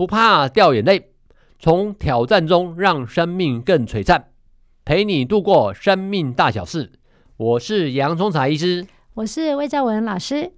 不怕掉眼淚，從挑戰中讓生命更璀璨，陪你度過生命大小事。我是楊聰財醫師，我是魏兆玟老師。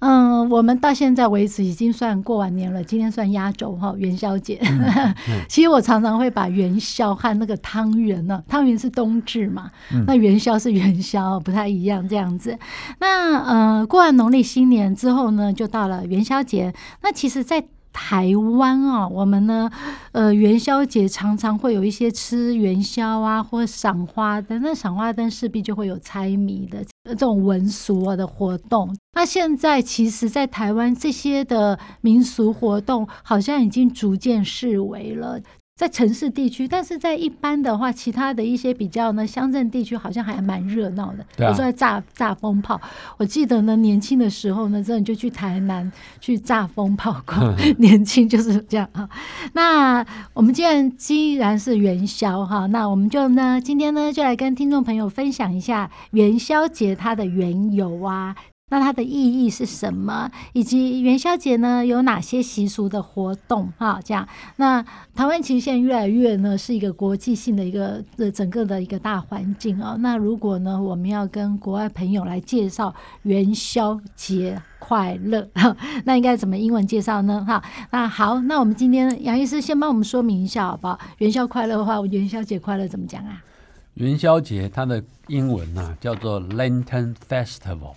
嗯，我們到現在為止已經算過完年了，今天算壓軸哈、哦、元宵節。嗯、 其實我常常會把元宵和那個湯圓呢，湯圓是冬至嘛，嗯、那元宵是元宵，不太一樣這樣子。那呃，過完農曆新年之後呢，就到了元宵節。那其實，在台灣啊，我們呢，呃，元宵節常常會有一些吃元宵啊，或賞花燈。那賞花燈勢必就會有猜謎的這種文俗的活動。那現在其實，在台灣這些的民俗活動，好像已經逐漸式微了。在城市地區，但是在一般的話，其他的一些比較呢，鄉鎮地區好像還蠻熱鬧的。對、啊、比如說在炸炸風炮，我記得呢，年輕的時候呢，真的就去台南去炸風炮過。 年輕就是這樣啊。那我們既然既然是元宵哈，那我們就呢，今天呢，就來跟聽眾朋友分享一下元宵節它的緣由啊。那它的意義是什麼？以及元宵節呢，有哪些習俗的活動？哈、哦，這樣。那台灣其實現在越來越呢是一個國際性的一個的、呃、整個的一個大環境哦，那如果呢，我們要跟國外朋友來介紹元宵節快樂，哈、那應該怎麼英文介紹呢？哈、哦，那好，那我們今天楊醫師先幫我們說明一下好不好？元宵快樂的話，元宵節快樂怎麼講啊？元宵節它的英文啊叫做 Lantern Festival。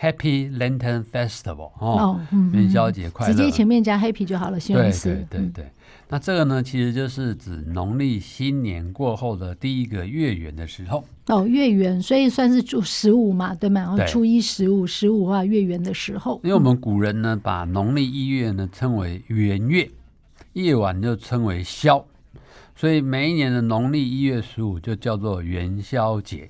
Happy Lantern Festival 哦，元、哦嗯、宵節快樂！直接前面加 Happy 就好了。希望是對對對對，嗯、那這個呢，其實就是指農曆新年過後的第一個月圓的時候。哦，月圓，所以算是初十五嘛，對嘛？對，然後初一、十五、十五啊，月圓的時候。因為我們古人呢，嗯、把農曆一月呢稱為元月，夜晚就稱為宵，所以每一年的農曆一月十五就叫做元宵節。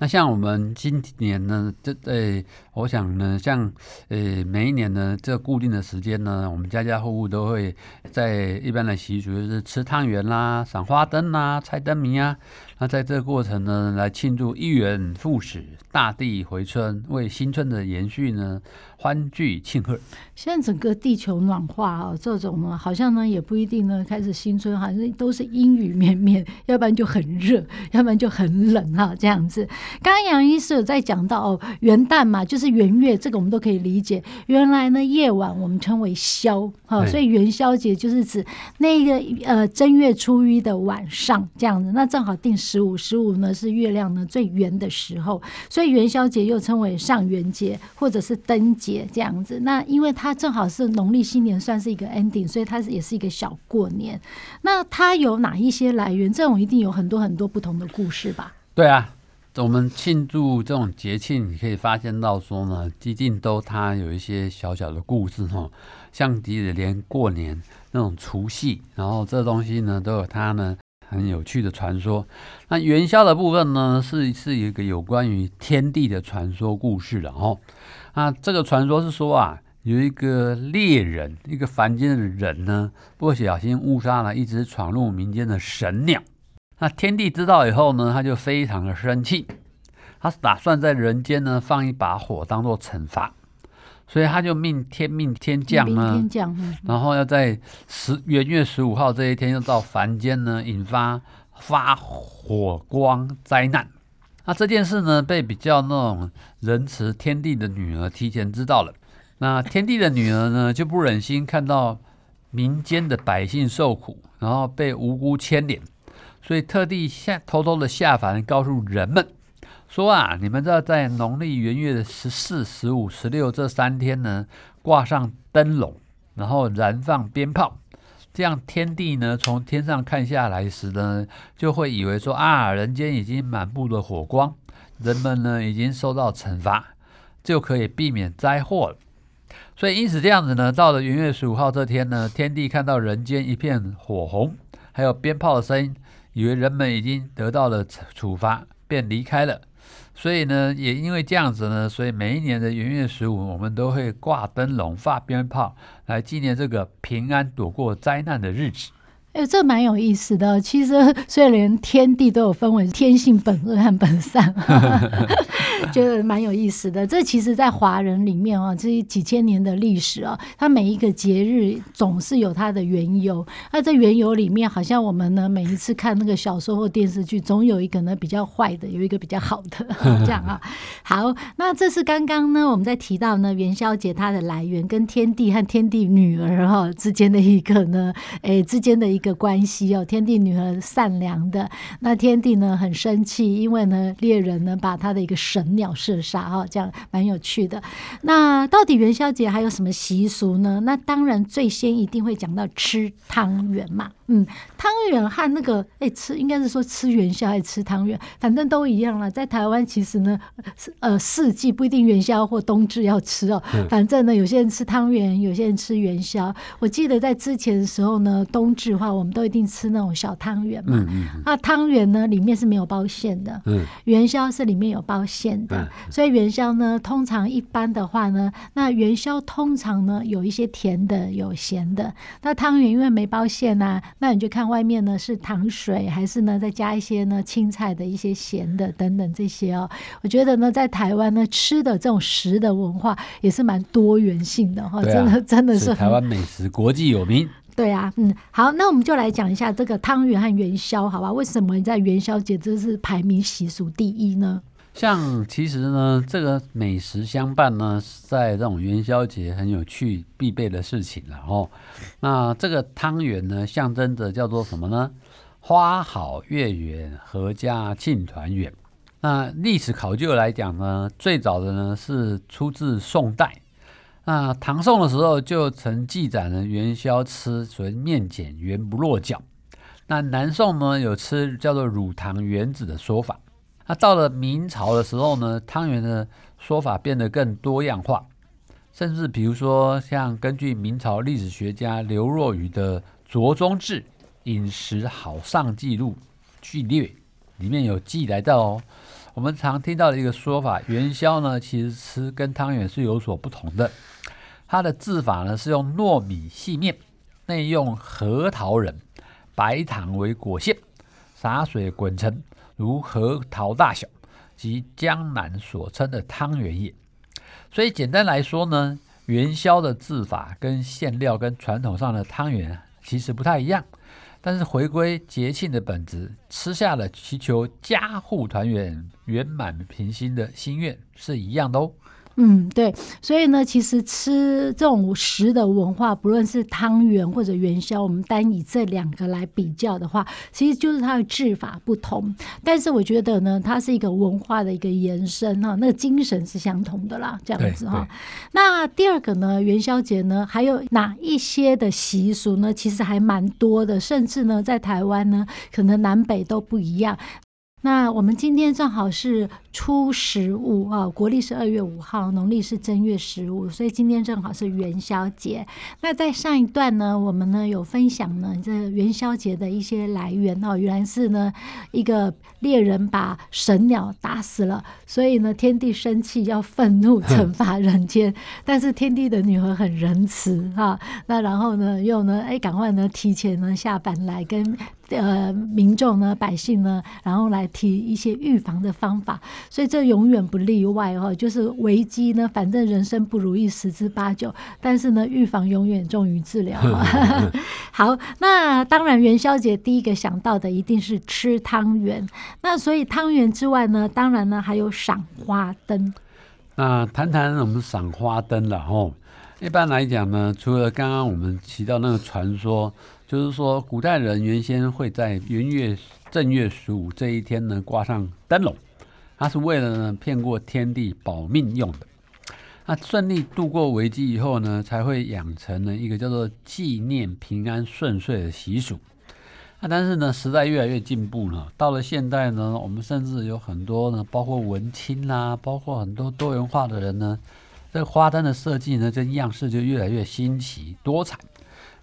那像我們今年呢，這對、欸、我想呢，像呃、欸、每一年呢，這個、固定的時間呢，我們家家戶戶都會在一般的習俗，就是吃湯圓啦、賞花燈啦、猜燈謎啊。那、啊、在這個過程呢，來慶祝一元復始，大地回春，為新春的延續呢，歡聚慶賀。現在整個地球暖化啊、哦，這種呢，好像呢也不一定呢，開始新春好像都是陰雨綿綿，要不然就很熱，要不然就很冷哈、啊，這樣子。剛剛楊醫師有在講到哦，元旦嘛，就是元月，這個我們都可以理解。原來呢，夜晚我們稱為宵，哈、哦，所以元宵節就是指那個呃正月初一的晚上這樣子，那正好定時。十五，十五呢是月亮呢最圓的時候，所以元宵節又稱為上元節或者是燈節這樣子。那因為它正好是農曆新年，算是一個 ending，所以它是也是一個小過年。那它有哪一些來源？這種一定有很多很多不同的故事吧？對啊，我們慶祝這種節慶，你可以發現到說呢，幾近都它有一些小小的故事哦，像春節、連過年那種除夕，然後這東西呢都有它呢。很有趣的傳說，那元宵的部分呢，是是一個有關於天地的傳說故事了哦，那這個傳說是說啊，有一個獵人，一個凡間的人呢，不小心誤殺了一隻闖入民間的神鳥。那天帝知道以後呢，他就非常的生氣，他打算在人間呢放一把火當做懲罰。所以他就命天命天降啊，然後要在十元月十五號這一天，要到凡間呢，引發發火光災難。那、啊、這件事呢，被比較那種仁慈天帝的女兒提前知道了。那天帝的女兒呢，就不忍心看到民間的百姓受苦，然後被無辜牽連，所以特地下偷偷的下凡，告訴人們。說啊，你們知道在農曆元月的十四、十五、十六這三天呢，掛上燈籠，然後燃放鞭炮，這樣天帝呢從天上看下來時呢，就會以為說啊，人間已經滿佈了火光，人們呢已經受到懲罰，就可以避免災禍了。所以因此這樣子呢，到了元月十五號這天呢，天帝看到人間一片火紅，還有鞭炮的聲音，以為人們已經得到了處罰，便離開了。所以呢，也因為這樣子呢，所以每一年的元月十五，我們都會掛燈籠、放鞭炮，來紀念這個平安躲過災難的日子。哎，這蠻有意思的。其實，所以連天地都有分為天性本惡和本善， 覺得蠻有意思的。這其實，在華人裡面哦，這些幾千年的歷史哦，它每一個節日總是有它的緣由。那在緣由裡面，好像我們呢，每一次看那個小說或電視劇，總有一個呢比較壞的，有一個比較好的這樣啊。好，那這是剛剛呢，我們在提到呢元宵節它的來源，跟天地和天地女兒哈之間的一個呢，哎之間的一個，的關係哦，天帝女兒善良的，那天帝呢很生氣，因為呢獵人呢把他的一個神鳥射殺哈、哦，這樣蠻有趣的。那到底元宵節還有什麼習俗呢？那當然最先一定會講到吃湯圓嘛。嗯，湯圓和那個哎、欸、吃，應該是說吃元宵還是吃湯圓，反正都一樣了。在台灣其實呢，呃四季不一定元宵或冬至要吃哦、喔。反正呢，有些人吃湯圓，有些人吃元宵。我記得在之前的時候呢，冬至的話，我們都一定吃那種小湯圓嘛。嗯嗯、那湯圓呢，裡面是沒有包餡的。嗯、元宵是裡面有包餡的，嗯、所以元宵呢，通常一般的話呢，那元宵通常呢有一些甜的，有鹹的。那湯圓因為沒包餡啊。那你就看外面呢是糖水，還是呢再加一些呢青菜的一些鹹的等等這些哦。我覺得呢，在台灣呢吃的這種食的文化也是蠻多元性的哈、哦，啊、真的真的是台灣美食國際有名。對啊，嗯，好，那我們就來講一下這個湯圓和元宵，好吧？為什麼在元宵節這是排名習俗第一呢？像其實呢，這個美食相伴呢，在這種元宵節很有趣，必備的事情了哦。那這個湯圓呢，象徵着叫做什麼呢？花好月圓，合家慶團圓。那歷史考究來講呢，最早的呢是出自宋代。那唐宋的時候就曾記載呢，元宵吃所謂麵繭圓不落腳。那南宋呢有吃叫做乳糖圓子的說法。那到了明朝的時候呢，湯圓的說法變得更多樣化，甚至比如說像根據明朝歷史學家劉若愚的《酌中志》，飲食好尚記錄據略，裡面有記載到哦，我們常聽到的一個說法，元宵呢其實吃跟湯圓是有所不同的，它的制法呢是用糯米細麵，內用核桃仁、白糖為裹餡，灑水滾成如核桃大小，即江南所稱的湯圓也。所以簡單來說呢，元宵的制法跟餡料跟傳統上的湯圓其實不太一樣，但是回歸節慶的本質，吃下了祈求家戶團圓、圓滿平心的心願是一樣的哦。嗯，對，所以呢，其實吃這種食的文化，不論是湯圓或者元宵，我們單以這兩個來比較的話，其實就是它的制法不同。但是我覺得呢，它是一個文化的一個延伸哈，那個精神是相同的啦，這樣子哈。那第二個呢，元宵節呢，還有哪一些的習俗呢？其實還蠻多的，甚至呢，在台灣呢，可能南北都不一樣。那我們今天正好是初十五啊，哦，國曆是二月五號，農曆是正月十五，所以今天正好是元宵節。那在上一段呢，我們呢有分享呢，這元宵節的一些來源哦，原來是呢一個獵人把神鳥打死了，所以呢天帝生氣要憤怒懲罰人間，但是天帝的女兒很仁慈哈，哦，那然後呢又呢哎趕快呢提前呢下凡來跟。呃，民眾呢，百姓呢，然後來提一些預防的方法，所以這永遠不例外哦。就是危機呢，反正人生不如意十之八九，但是呢，預防永遠重於治療。呵呵呵 好，那當然元宵節第一個想到的一定是吃湯圓，那所以湯圓之外呢，當然呢還有賞花燈。那談談我們賞花燈了哦。一般來講呢，除了剛剛我們提到那個傳說。就是說，古代人原先會在元月正月十五這一天呢，掛上燈籠，它是為了呢騙過天地保命用的。那順利度過危機以後呢，才會養成了一個叫做紀念平安順遂的習俗。那但是呢，時代越來越進步了，到了現代呢，我們甚至有很多呢，包括文青啦、啊，包括很多多元化的人呢，這花燈的設計呢，這樣式就越來越新奇多彩。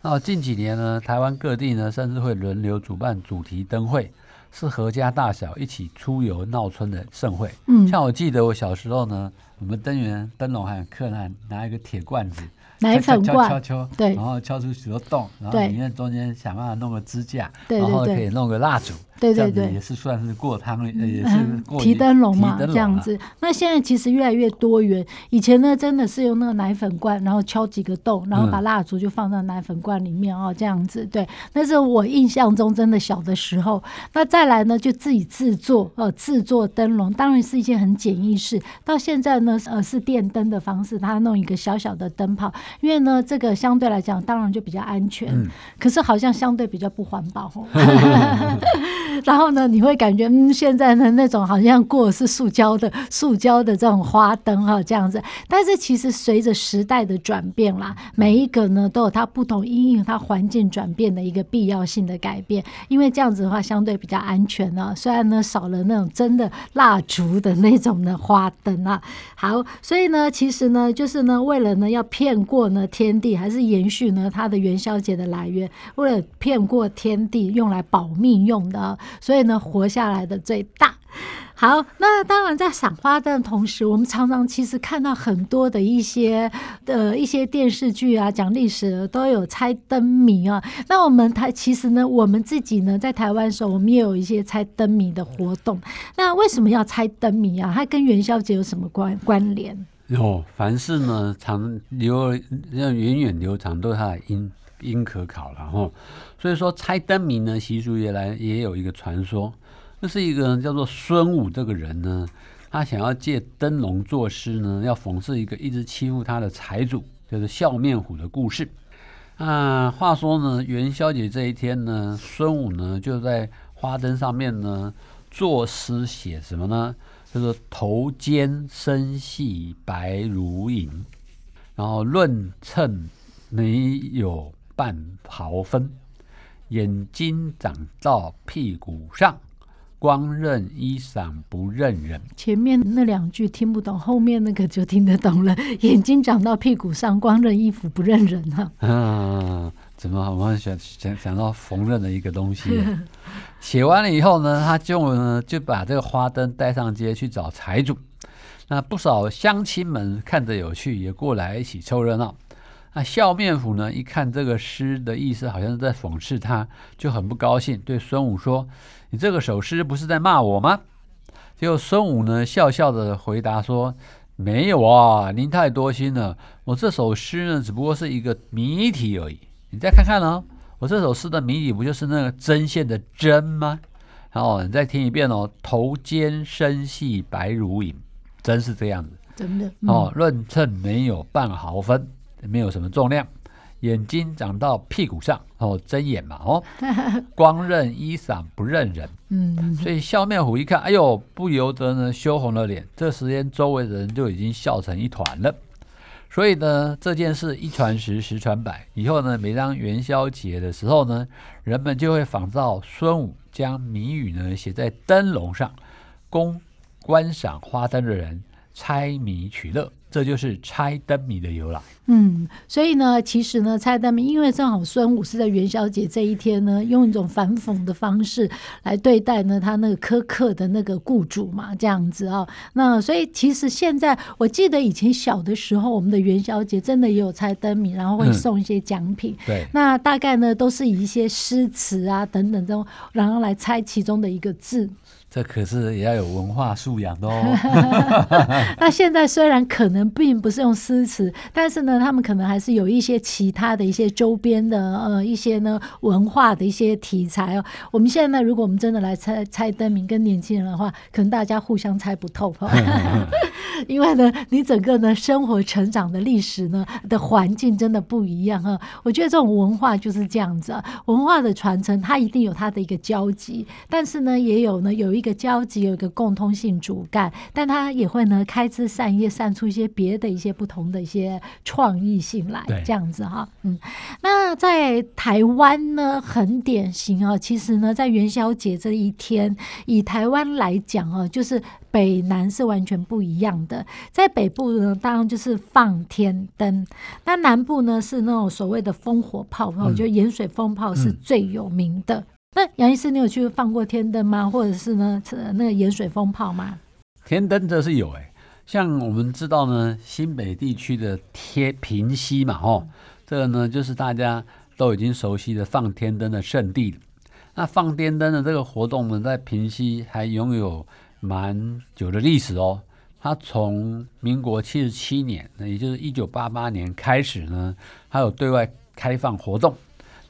那近幾年呢，台灣各地呢，甚至會輪流主辦主題燈會，是闔家大小一起出遊鬧春的盛會。嗯，像我記得我小時候呢，我們燈圓燈籠還有客人拿一個鐵罐子，奶粉罐，敲，敲敲敲，對，然後敲出許多洞，然後裡面中間想辦法弄個支架，對對對對，然後可以弄個蠟燭。對對對，也是算是過湯、嗯、也是過提燈籠嘛，啊、這樣子。那現在其實越來越多元。以前呢，真的是用那個奶粉罐，然後敲幾個洞，然後把蠟燭就放在奶粉罐裡面哦，嗯、這樣子。對，那是我印象中真的小的時候。那再來呢，就自己製作呃製作燈籠，當然是一件很簡易事。到現在呢，呃，是電燈的方式，他弄一個小小的燈泡，因為呢，這個相對來講，當然就比較安全，嗯、可是好像相對比較不環保呵呵呵呵呵然後呢，你會感覺嗯，現在呢，那種好像過是塑膠的塑膠的這種花燈哈、哦，這樣子。但是其實隨着時代的轉變啦，每一個呢都有它不同因應，它環境轉變的一個必要性的改變。因為這樣子的話，相對比較安全呢、哦，雖然呢少了那種真的蠟燭的那種的花燈啊。好，所以呢其實呢就是呢為了呢要騙過呢天地，還是延續呢它的元宵節的來源，為了騙過天地用來保命用的、哦。所以呢，活下來的最大。好，那當然在賞花燈的同時，我們常常其實看到很多的一些呃一些電視劇啊，講歷史的都有猜燈謎啊。那我們台其實呢，我們自己呢，在台灣的時候，我們也有一些猜燈謎的活動。那為什麼要猜燈謎啊？它跟元宵節有什麼關關聯？喲、哦，凡事呢，長留要源遠流長，都它的因因可考了哈。所以說，猜燈謎呢，習俗也來也有一個傳說，就是一個叫做孫武這個人呢，他想要借燈籠作詩呢，要諷刺一個一直欺負他的財主，就是笑面虎的故事。啊，話說呢，元宵節這一天呢，孫武呢就在花燈上面呢作詩，寫什麼呢？就是頭尖身細白如銀，然後論秤沒有半毫分。眼睛長到屁股上，光認衣裳不認人。前面那兩句聽不懂，後面那個就聽得懂了。眼睛長到屁股上，光認衣服不認人啊！嗯、啊，怎麼？我們想想想到縫紉的一個東西。 寫完了以後呢，他就呢就把這個花燈帶上街去找財主。那不少鄉親們看着有趣，也過來一起湊熱鬧。那笑面虎呢？一看這個詩的意思，好像是在諷刺他，就很不高興，對孫武說：“你這個首詩不是在罵我嗎？”結果孫武呢，笑笑的回答說：“沒有啊，您太多心了。我這首詩呢，只不過是一個謎題而已。你再看看呢、哦，我這首詩的謎底不就是那個針線的針嗎？”然、哦、後你再聽一遍哦，“頭尖身細白如銀，真是這樣子，真的、嗯、哦，論秤沒有半毫分。沒有什麼重量，眼睛長到屁股上，哦，睜眼嘛，哦，光認衣裳不認人，嗯， 所以笑面虎一看，哎呦，不由得呢羞紅了臉。這時間周圍的人就已經笑成一團了。所以呢，這件事一傳十，十傳百，以後呢，每當元宵節的時候呢，人們就會仿照孫武，將謎語呢寫在燈籠上，供觀賞花燈的人猜謎取樂。這就是猜燈謎的由來。嗯，所以呢，其實呢，猜燈謎，因為正好孫武是在元宵節這一天呢，用一種反諷的方式來對待呢他那個苛刻的那個雇主嘛，這樣子啊、哦。那所以其實現在，我記得以前小的時候，我們的元宵節真的也有猜燈謎，然後會送一些獎品。嗯、對。那大概呢，都是以一些詩詞啊等等這種，然後來猜其中的一個字。這可是也要有文化素養的哦。 那現在雖然可能並不是用詩詞，但是呢，他們可能還是有一些其他的一些周邊的呃一些呢文化的一些題材哦。我們現在呢，如果我們真的來猜猜燈謎跟年輕人的話，可能大家互相猜不透 因為呢，你整個呢生活成長的歷史呢的環境真的不一樣啊。我覺得這種文化就是這樣子，文化的傳承它一定有它的一個交集，但是呢也有呢有一個交集，有一個共通性主幹，但它也會呢開枝散葉，散出一些別的一些不同的一些創意性來，對這樣子哈。嗯，那在台灣呢很典型啊、哦，其實呢在元宵節這一天，以台灣來講啊、哦，就是北南是完全不一樣。在北部呢，當然就是放天燈；那南部呢，是那種所謂的烽火炮炮，我得鹽、嗯、水風炮是最有名的。嗯、那楊醫師，你有去放過天燈嗎？或者是呢，呃、那個鹽水風炮嗎？天燈則是有哎、欸，像我們知道呢，新北地區的天平溪嘛，吼，這個呢就是大家都已經熟悉的放天燈的聖地。那放天燈的這個活動呢，在平溪還擁有蠻久的歷史哦。他從民國七十七年，那也就是一九八八年開始呢，他有對外開放活動。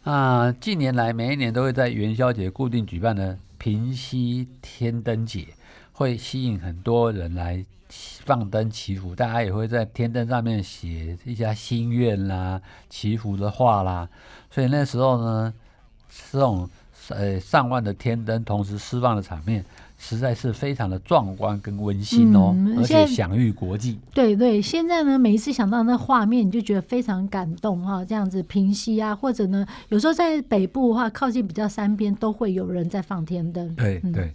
那近年來每一年都會在元宵節固定舉辦的平溪天燈節，會吸引很多人來放燈祈福，大家也會在天燈上面寫一些心願啦、祈福的話啦。所以那時候呢，這種。呃、哎，上萬的天燈同時釋放的場面，實在是非常的壯觀跟溫馨哦，嗯、而且享譽國際。對，對對，現在呢，每一次想到那畫面，你就覺得非常感動哈、哦。嗯、這樣子平溪啊，或者呢，有時候在北部的話，靠近比較山邊，都會有人在放天燈。對對，嗯、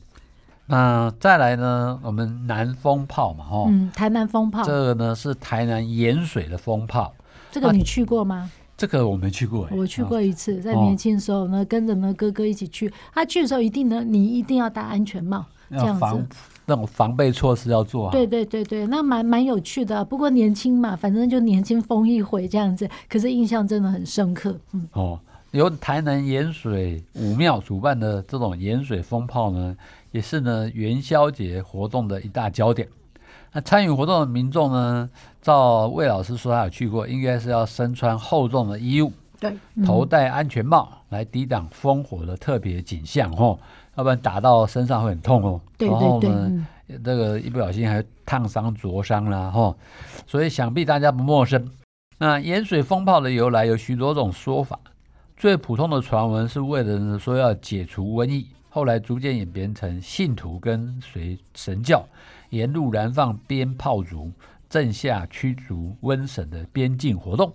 那再來呢，我們南蜂炮嘛、哦，哈，嗯，台南蜂炮，這個呢是台南鹽水的蜂炮，這個你去過嗎？啊這個我沒去過。欸，我去過一次，在年輕的時候呢，哦、跟着呢哥哥一起去。他去的時候一定呢，你一定要戴安全帽。防這樣子，那種防備措施要做好。對對對對，那蠻蠻有趣的啊。不過年輕嘛，反正就年輕瘋一回這樣子，可是印象真的很深刻。嗯，哦，由台南鹽水武廟主辦的這種鹽水蜂炮呢，也是呢元宵節活動的一大焦點。那參與活動的民眾呢？照魏老師說，他有去過，應該是要身穿厚重的衣物，對，嗯、頭戴安全帽來抵擋蜂火的特別景象哦，要不然打到身上會很痛哦。對對對然後呢，嗯、這個一不小心還燙傷、灼傷啦哈、哦。所以想必大家不陌生。那鹽水蜂炮的由來有許多種說法，最普通的傳聞是為了說要解除瘟疫。後來逐漸演變成信徒跟隨神轎，沿路燃放鞭炮竹，鎮下驅逐瘟神的遶境活動。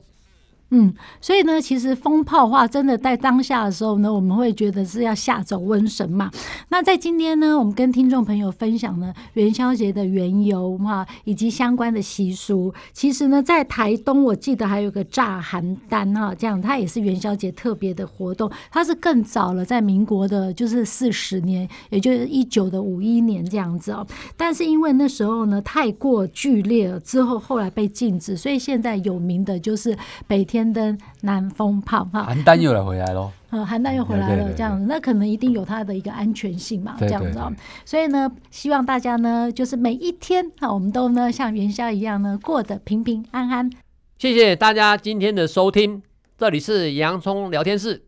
嗯，所以呢，其實蜂炮話真的在當下的時候呢，我們會覺得是要嚇走瘟神嘛。那在今天呢，我們跟聽眾朋友分享呢，元宵節的緣由哈，以及相關的習俗。其實呢，在台東，我記得還有個炸寒單哈，這樣它也是元宵節特別的活動。它是更早了，在民國的就是四十年，也就是一九的五一年這樣子哦。但是因為那時候呢太過劇烈了，之後後來被禁止，所以現在有名的就是北天，南蜂炮哈，寒單又來回來嘍，嗯，寒單又回來了，對對對對對這樣子，那可能一定有它的一個安全性嘛，對對對對這樣子，所以呢，希望大家呢，就是每一天啊，我們都呢像元宵一樣呢，過得平平安安。謝謝大家今天的收聽，這裡是洋蔥聊天室，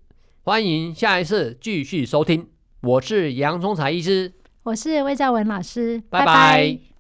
歡迎下一次繼續收聽，我是楊聰財醫師，我是魏兆玟老師，拜拜。拜拜